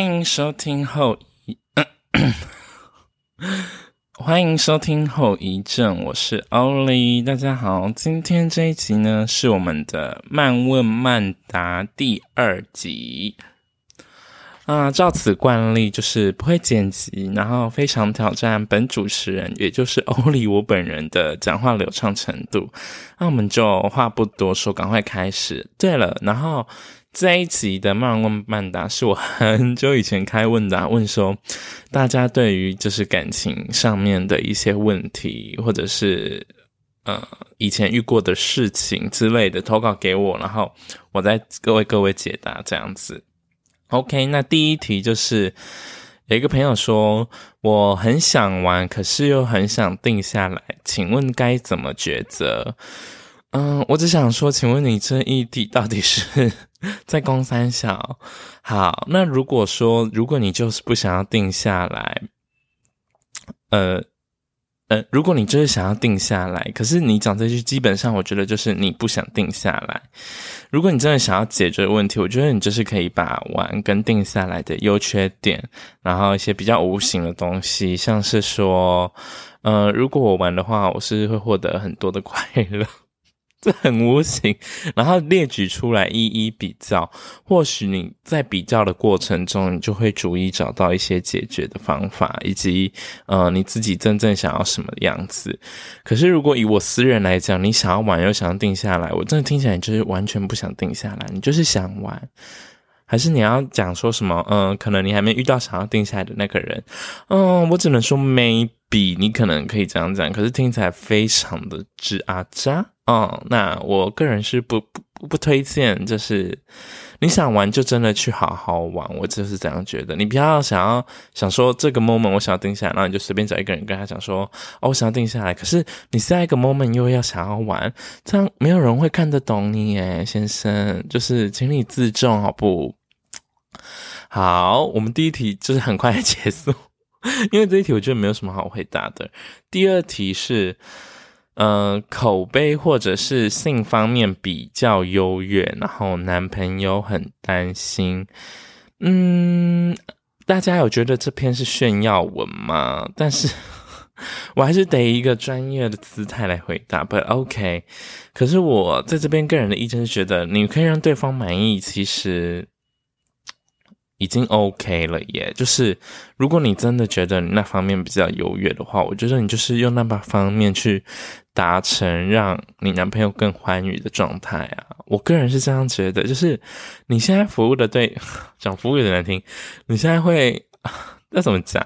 歡迎收聽後、呃、歡迎收聽後遺症，我是歐里，大家好，今天這一集呢是我們的慢問慢答第二集，啊、呃，照此慣例就是不會剪輯，然後非常挑戰本主持人，也就是歐里我本人的講話流暢程度，那、啊、我們就話不多說，趕快開始。對了，然後。這一集的慢問慢答是我很久以前開問答，啊，問說大家對於就是感情上面的一些問題，或者是呃以前遇過的事情之類的投稿給我，然後我再各位各位解答這樣子。OK，那第一題就是有一個朋友說，我很想玩，可是又很想定下來，請問該怎麼抉擇？嗯，我只想說，請問你這一題到底是 在公三小？好，那如果說，如果你就是不想要定下來，呃，呃，如果你就是想要定下來，可是你講這句，基本上我覺得就是你不想定下來。如果你真的想要解決問題，我覺得你就是可以把玩跟定下來的優缺點，然後一些比較無形的東西，像是說，呃，如果我玩的話，我是會獲得很多的快樂。這很無形，然後列舉出來一一比較，或許你在比較的過程中，你就會逐一找到一些解決的方法，以及呃你自己真正想要什麼樣子。可是如果以我私人來講，你想要玩又想要定下來，我真的聽起來就是完全不想定下來，你就是想玩，還是你要講說什麼？嗯、呃，可能你還沒遇到想要定下來的那個人。嗯、呃，我只能說 maybe 你可能可以這樣講，可是聽起來非常的渣啊渣。啊嗯、哦，那我個人是不不不推薦，就是你想玩就真的去好好玩，我就是這樣覺得。你不要想要想說這個 moment 我想要定下來，然後你就隨便找一個人跟他講說，哦，我想要定下來。可是你下一個 moment 又要想要玩，這樣沒有人會看得懂你耶，先生。就是請你自重，好不好？我們第一題就是很快結束，因為這一題我覺得沒有什麼好回答的。第二題是。呃，口碑、或者是性方面比較優越，然後男朋友很擔心。嗯，大家有覺得這篇是炫耀文嗎？但是我還是得以一個專業的姿態來回答。不 OK，可是我在這邊個人的意見是覺得，你可以讓對方滿意，其實。已經 OK 了耶，也就是如果你真的覺得你那方面比較優越的話，我覺得你就是用那把方面去達成讓你男朋友更歡愉的狀態啊。我個人是這樣覺得，就是你現在服務的對，講服務有點難聽，你現在會那怎麼講？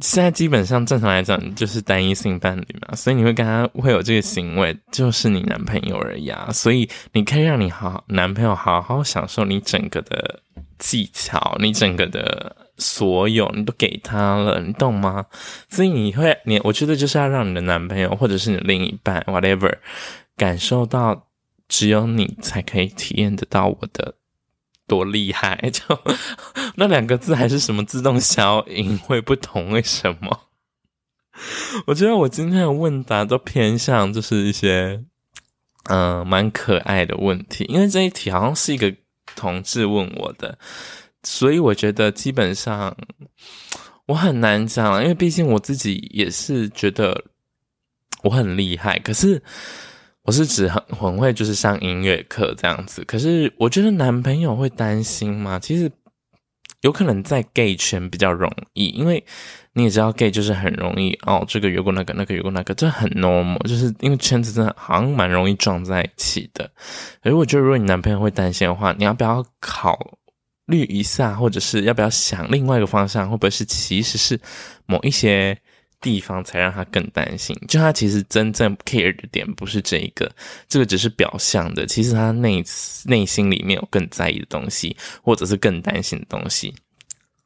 現在基本上正常來講，就是單一性伴侶嘛，所以你會跟他會有這個行為，就是你男朋友而已啊。所以你可以讓你好，好男朋友好好享受你整個的。技巧，你整個的，所有你都給他了，你懂嗎？所以你會，你，我覺得就是要讓你的男朋友或者是你的另一半，whatever，感受到只有你才可以體驗得到我的多厲害。就 那兩個字還是什麼自動消音，會不同？為什麼？我覺得我今天的問答都偏向就是一些，嗯、呃，蠻可愛的問題，因為這一題好像是一個。同志問我的，所以我覺得基本上我很難講啊，因為畢竟我自己也是覺得我很厲害，可是我是指很很會就是上音樂課這樣子，可是我覺得男朋友會擔心嗎？其實。有可能在 gay 圈比較容易，因為你也知道 gay 就是很容易哦，這個約過那個，那個約過那個，這很 normal，就是因為圈子真的好像蠻容易撞在一起的。如果就如果你男朋友會擔心的話，你要不要考慮一下，或者是要不要想另外一個方向，會不會是其實是某一些。地方才讓他更擔心，就他其實真正 care 的點不是這一個，這個只是表象的，其實他內內心裡面有更在意的東西，或者是更擔心的東西。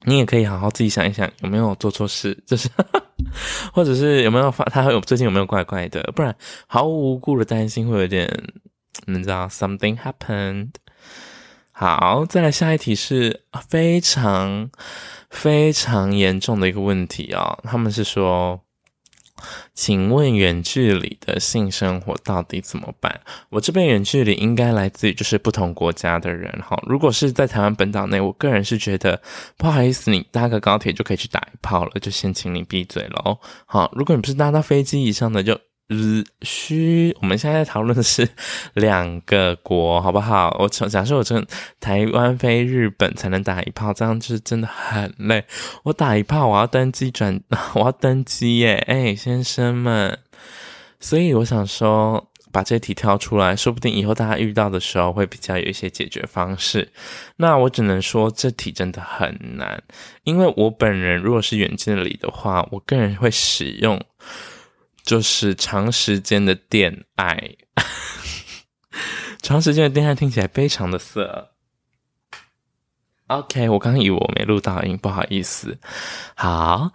你也可以好好自己想一想，有沒有做錯事，就是， 或者是有沒有發他有最近有沒有怪怪的，不然毫無無故的擔心會有點，你知道，something happened。好，再來下一題是非常非常嚴重的一個問題哦。他們是說，請問遠距離的性生活到底怎麼辦？我這邊遠距離應該來自於就是不同國家的人。哈，如果是在台灣本島內，我個人是覺得不好意思，你搭個高鐵就可以去打一炮了，就先請你閉嘴嘍。好，如果你不是搭到飛機以上的，就。日需，我們現在在討論的是兩個國，好不好？我假設我從台灣飛日本才能打一炮，這樣就是真的很累。我打一炮我，我要登機轉，我要登機耶！哎、欸，先生們，所以我想說，把這題挑出來，說不定以後大家遇到的時候會比較有一些解決方式。那我只能說，這題真的很難，因為我本人如果是遠距離的話，我個人會使用。就是長時間的電愛， 長時間的電愛聽起來非常的色。OK，我剛剛以為我沒錄到音，不好意思。好，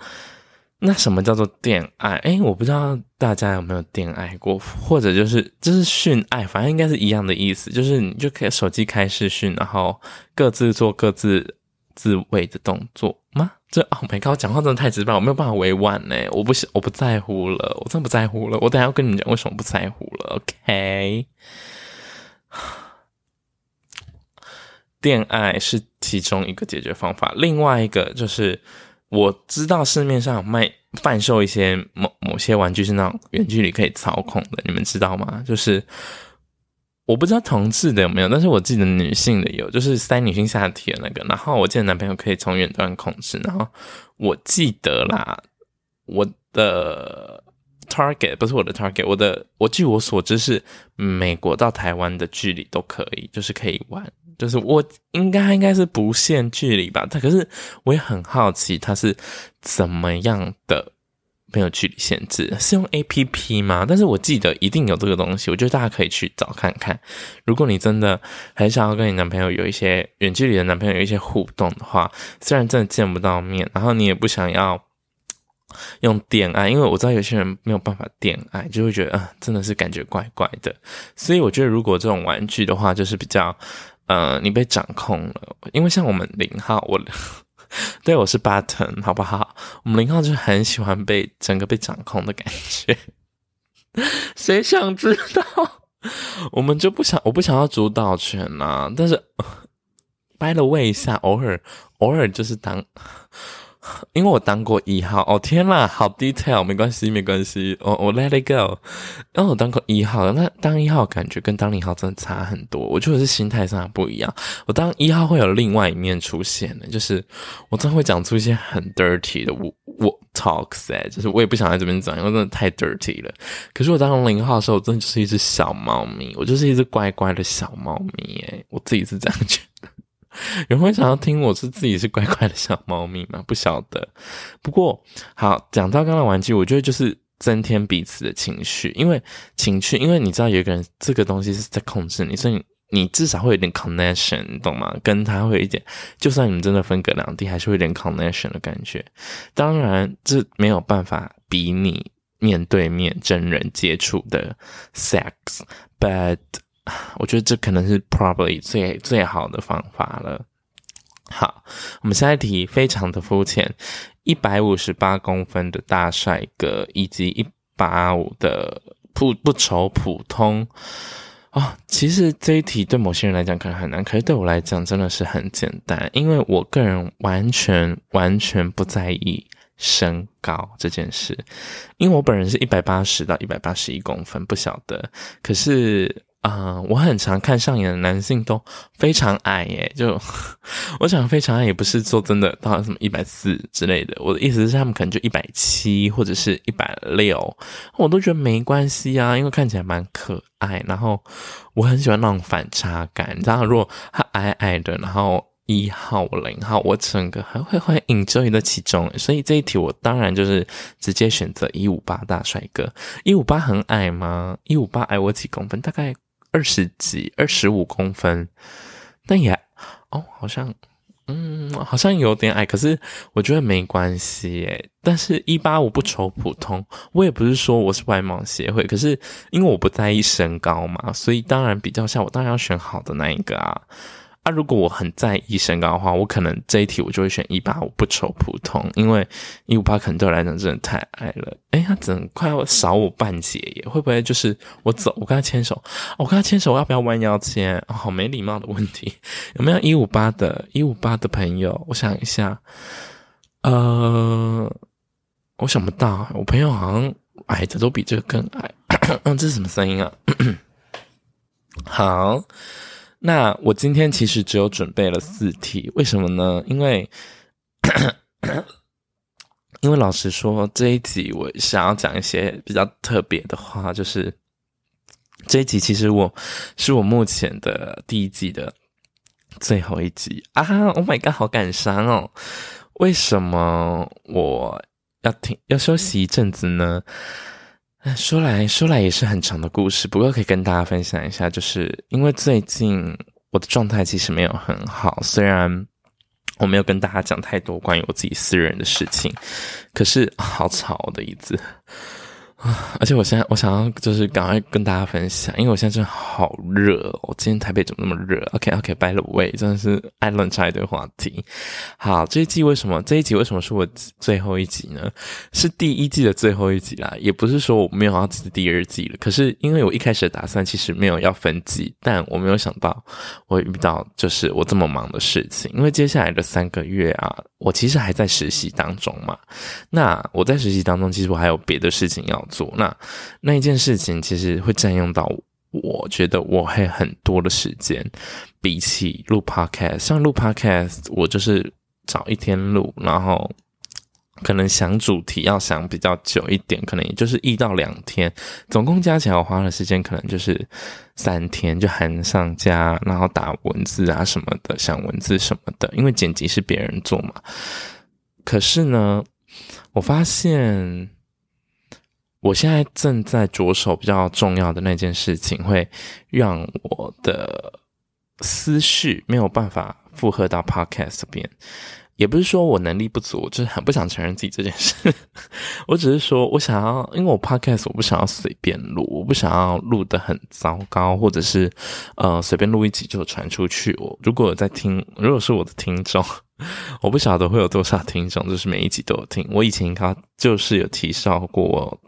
那什麼叫做電愛？哎，我不知道大家有沒有電愛過，或者就是就是訊愛，反正應該是一樣的意思，就是你就可以手機開視訊，然後各自做各自自慰的動作嗎？這哦 My God，我講話真的太直白，我沒有辦法委婉呢、欸。我不，我不在乎了，我真的不在乎了。我等一下要跟你們講為什麼不在乎了，OK？戀愛是其中一個解決方法，另外一個就是我知道市面上有賣販售一些某某些玩具是那種遠距離可以操控的，你們知道嗎？就是。我不知道同志的有沒有，但是我記得女性的有，就是塞女性下體的那個。然後我記得男朋友可以從遠端控制。然後我記得啦，我的 target 不是我的 target，我的，我據我所知是美國到台灣的距離都可以，就是可以玩，就是我應該應該是不限距離吧。但可是我也很好奇他是怎麼樣的。沒有距離限制，是用 APP 嗎？但是我記得一定有這個東西，我覺得大家可以去找看看。如果你真的很想要跟你男朋友有一些遠距離的男朋友有一些互動的話，雖然真的見不到面，然後你也不想要用電愛，因為我知道有些人沒有辦法電愛，就會覺得啊、呃，真的是感覺怪怪的。所以我覺得如果這種玩具的話，就是比較呃，你被掌控了。因為像我們零號，我 對我是巴騰，好不好？我們零號就很喜歡被整個被掌控的感覺，誰 想知道？我們就不想，我不想要主導權吶。但是掰了喂一下，偶爾偶爾就是當。因為我當過一號哦，天啦，好 detail，沒關係，沒關係，我我 let it go，因為我當過一號，那當一號感覺跟當零號真的差很多，我覺得是心態上不一樣。我當一號會有另外一面出現的，就是我真的會講出一些很 dirty 的我我 talks 哎、欸，就是我也不想在這邊講，因為真的太 dirty 了。可是我當零號的時候，我真的就是一隻小貓咪，我就是一隻乖乖的小貓咪誒、欸，我自己是這樣覺得。有人會想要聽我是自己是乖乖的小貓咪嗎？不曉得。不過好講到剛剛的玩具，我覺得就是增添彼此的情緒，因為情趣，因為你知道有一個人這個東西是在控制你，所以你,你至少會有點 connection，你懂嗎？跟他會有一點，就算你們真的分隔兩地，還是會有點 connection 的感覺。當然，這沒有辦法比擬面對面真人接觸的 sex，but。我覺得這可能是 probably 最最好的方法了。好，我們下一題非常的膚淺，一百五十八公分的大帥哥，以及一八五的不不愁普通哦。其實這一題對某些人來講可能很難，可是對我來講真的是很簡單，因為我個人完全完全不在意身高這件事，因為我本人是一百八十到一百八十一公分，不曉得，可是。啊，uh, 我很常看上眼的男性都非常矮耶，就 我想非常矮也不是說真的到什麼一百四之類的，我的意思是他們可能就一百七或者是一百六，我都覺得沒關係啊，因為看起來蠻可愛。然後我很喜歡那種反差感，後如果他矮矮的，然後一號零號，我整個還會會引 n j 的其中，所以這一題我當然就是直接選擇一五八大帥哥，一五八很矮嗎？一五八矮我幾公分？大概。二十幾，二十五公分，但也，哦，好像，嗯，好像有點矮，可是我覺得沒關係。哎，但是一八五不愁普通，我也不是說我是外貌協會，可是因為我不在意身高嘛，所以當然比較像我，當然要選好的那一個啊。那、啊、如果我很在意身高的話，我可能這一題我就會選一八五，我不愁普通，因為一五八可能對我來講真的太矮了。哎，他怎快要少我半截耶？會不會就是我走？我跟他牽手，哦、我跟他牽手，我要不要彎腰牽、哦？好沒禮貌的問題，有沒有一五八的一五八的朋友？我想一下，呃，我想不到，我朋友好像矮的都比這個更矮。嗯， 這是什麼聲音啊？ 好。那我今天其實只有準備了四題，為什麼呢？因為咳咳，因為老實說，這一集我想要講一些比較特別的話，就是這一集其實我是我目前的第一季的最後一集啊！Oh my god，好感傷哦！為什麼我要停要休息一陣子呢？說來說來也是很長的故事，不過可以跟大家分享一下，就是因為最近我的狀態其實沒有很好，雖然我沒有跟大家講太多關於我自己私人的事情，可是好吵的一次。而且我現在我想要就是趕快跟大家分享，因為我現在真的好熱，哦，我今天台北怎麼那麼熱？OK OK，okay, by the way，真的是愛亂插一堆話題。好，這一季為什麼這一集為什麼是我最後一集呢？是第一季的最後一集啦，也不是說我沒有要記得第二季了，可是因為我一開始的打算其實沒有要分季，但我沒有想到我遇到就是我這麼忙的事情，因為接下來的三個月啊，我其實還在實習當中嘛。那我在實習當中，其實我還有別的事情要做。那那一件事情，其實會佔用到我覺得我會很多的時間。比起錄 Podcast，像錄 Podcast，我就是找一天錄，然後可能想主題要想比較久一點，可能也就是一到兩天。總共加起來，我花的時間可能就是三天，就含上架，然後打文字啊什麼的，想文字什麼的。因為剪輯是別人做嘛。可是呢，我發現。我現在正在着手比較重要的那件事情，會讓我的思緒沒有辦法負荷到 podcast 這邊。也不是說我能力不足，就是很不想承認自己這件事。 我只是說我想要，因為我 podcast 我不想要隨便錄，我不想要錄得很糟糕，或者是呃隨便錄一集就傳出去。我如果有在聽，如果是我的聽眾，我不曉得會有多少聽眾，就是每一集都有聽。我以前剛就是有提到過，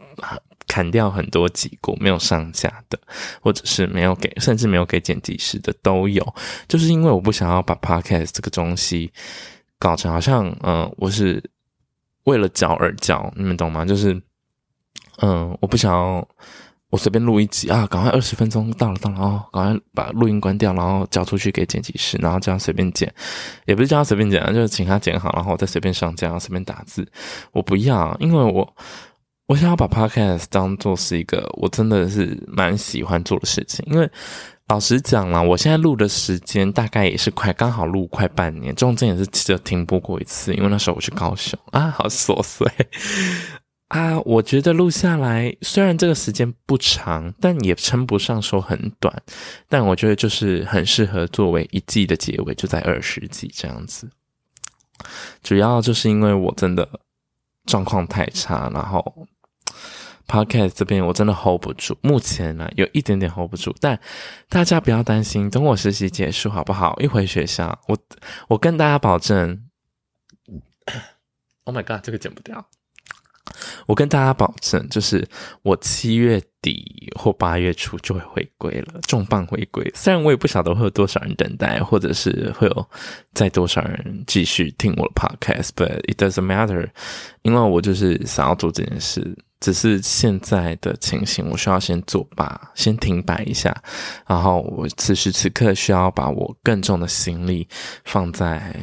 砍掉很多集過沒有上架的，或者是沒有給，甚至沒有給剪輯師的都有，就是因為我不想要把 podcast 這個東西。搞成好像嗯、呃，我是為了教而教，你們懂嗎？就是嗯、呃，我不想要我隨便錄一集啊，趕快二十分鐘到了到了哦，趕快把錄音關掉，然後交出去給剪輯師，然後叫他隨便剪，也不是叫他隨便剪啊，就是請他剪好，然後我再隨便上架，然後隨便打字。我不要，因為我我想要把 Podcast 當做是一個我真的是蠻喜歡做的事情，因為。老實講啦，我現在錄的時間大概也是快，剛好錄快半年，中間也是只有停播過一次，因為那時候我去高雄啊，好瑣碎啊！我覺得錄下來雖然這個時間不長，但也稱不上說很短，但我覺得就是很適合作為一季的結尾，就在二十集這樣子。主要就是因為我真的狀況太差，然後。Podcast 這邊我真的 hold 不住，目前呢有一點點 hold 不住，但大家不要擔心，等我實習結束好不好？一回學校，我我跟大家保證，Oh my god，這個剪不掉！我跟大家保證，oh、god，保證就是我七月底或八月初就會回歸了，重磅回歸。雖然我也不曉得會有多少人等待，或者是會有再多少人繼續聽我的 Podcast，But it doesn't matter，因為我就是想要做這件事。只是現在的情形，我需要先做吧，先停擺一下。然後我此時此刻需要把我更重的心力放在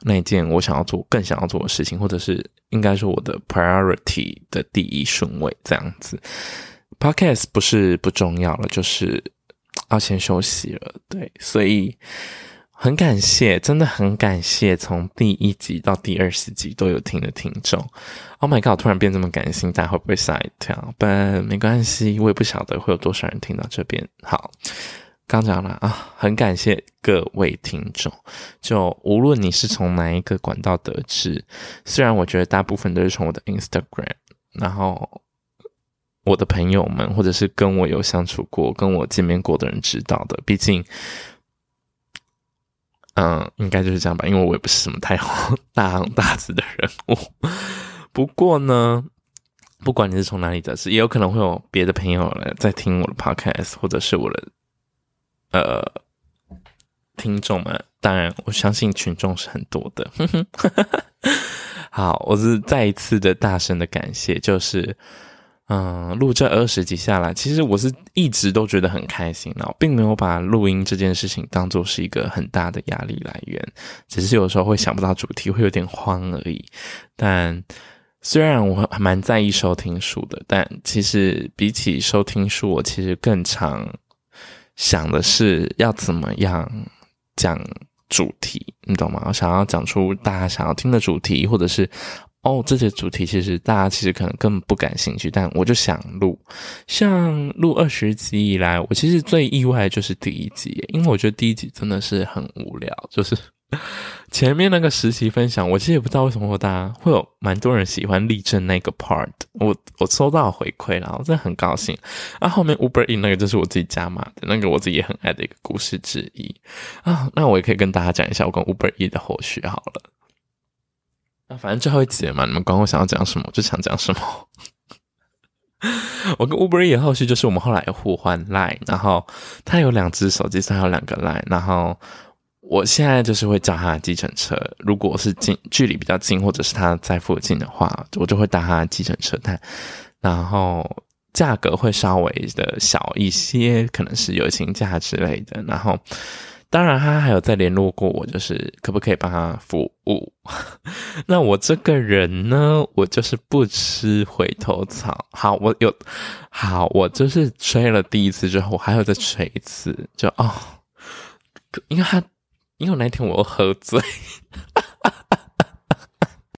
那件我想要做、更想要做的事情，或者是應該是我的 priority 的第一順位這樣子。Podcast 不是不重要了，就是要先休息了。對，所以。很感謝，真的很感謝，從第一集到第二十集都有聽的聽眾。Oh my god！我突然變這麼感性，大家會不會嚇一跳？不，沒關係，我也不曉得會有多少人聽到這邊。好，剛講了啊，很感謝各位聽眾，就無論你是從哪一個管道得知，雖然我覺得大部分都是從我的 Instagram，然後我的朋友們，或者是跟我有相處過、跟我見面過的人知道的，畢竟。嗯，應該就是這樣吧，因為我也不是什麼太大紅大紫的人物。不過呢，不管你是從哪裡得知，也有可能會有別的朋友來在聽我的 podcast，或者是我的呃聽眾們。當然，我相信群眾是很多的。哼哼，好，我是再一次的大聲的感謝，就是。嗯，錄這二十集下來，其實我是一直都覺得很開心的，我並沒有把錄音這件事情當做是一個很大的壓力來源，只是有時候會想不到主題，會有點慌而已。但雖然我還蠻在意收聽數的，但其實比起收聽數，我其實更常想的是要怎麼樣講主題，你懂嗎？我想要講出大家想要聽的主題，或者是。哦，這些主題其實大家其實可能根本不感興趣，但我就想錄。像錄二十集以來，我其實最意外的就是第一集，因為我覺得第一集真的是很無聊。就是前面那個實習分享，我其實也不知道為什麼會大家會有蠻多人喜歡立正那個 part 我，我我收到回饋了，我真的很高興。啊，後面 Uber E 那個就是我自己加碼的那個，我自己也很愛的一個故事之一啊。那我也可以跟大家講一下我跟 Uber E 的後續好了。啊、反正最後一集嘛，你們管我想要講什麼，我就想講什麼。 我跟 Uber 後續就是我們後來互換 line，然後他有兩只手機，他有兩個 line，然後我現在就是會叫他計程車，如果是近距離比較近，或者是他在附近的話，我就會搭他計程車帶，然後價格會稍微的小一些，可能是友情價之類的，然後。當然，他還有再聯絡過我，就是可不可以幫他服務？ 那我這個人呢，我就是不吃回頭草。好，我有，好，我就是吹了第一次之後，我還有再吹一次，就哦，因為他，因為那天我喝醉。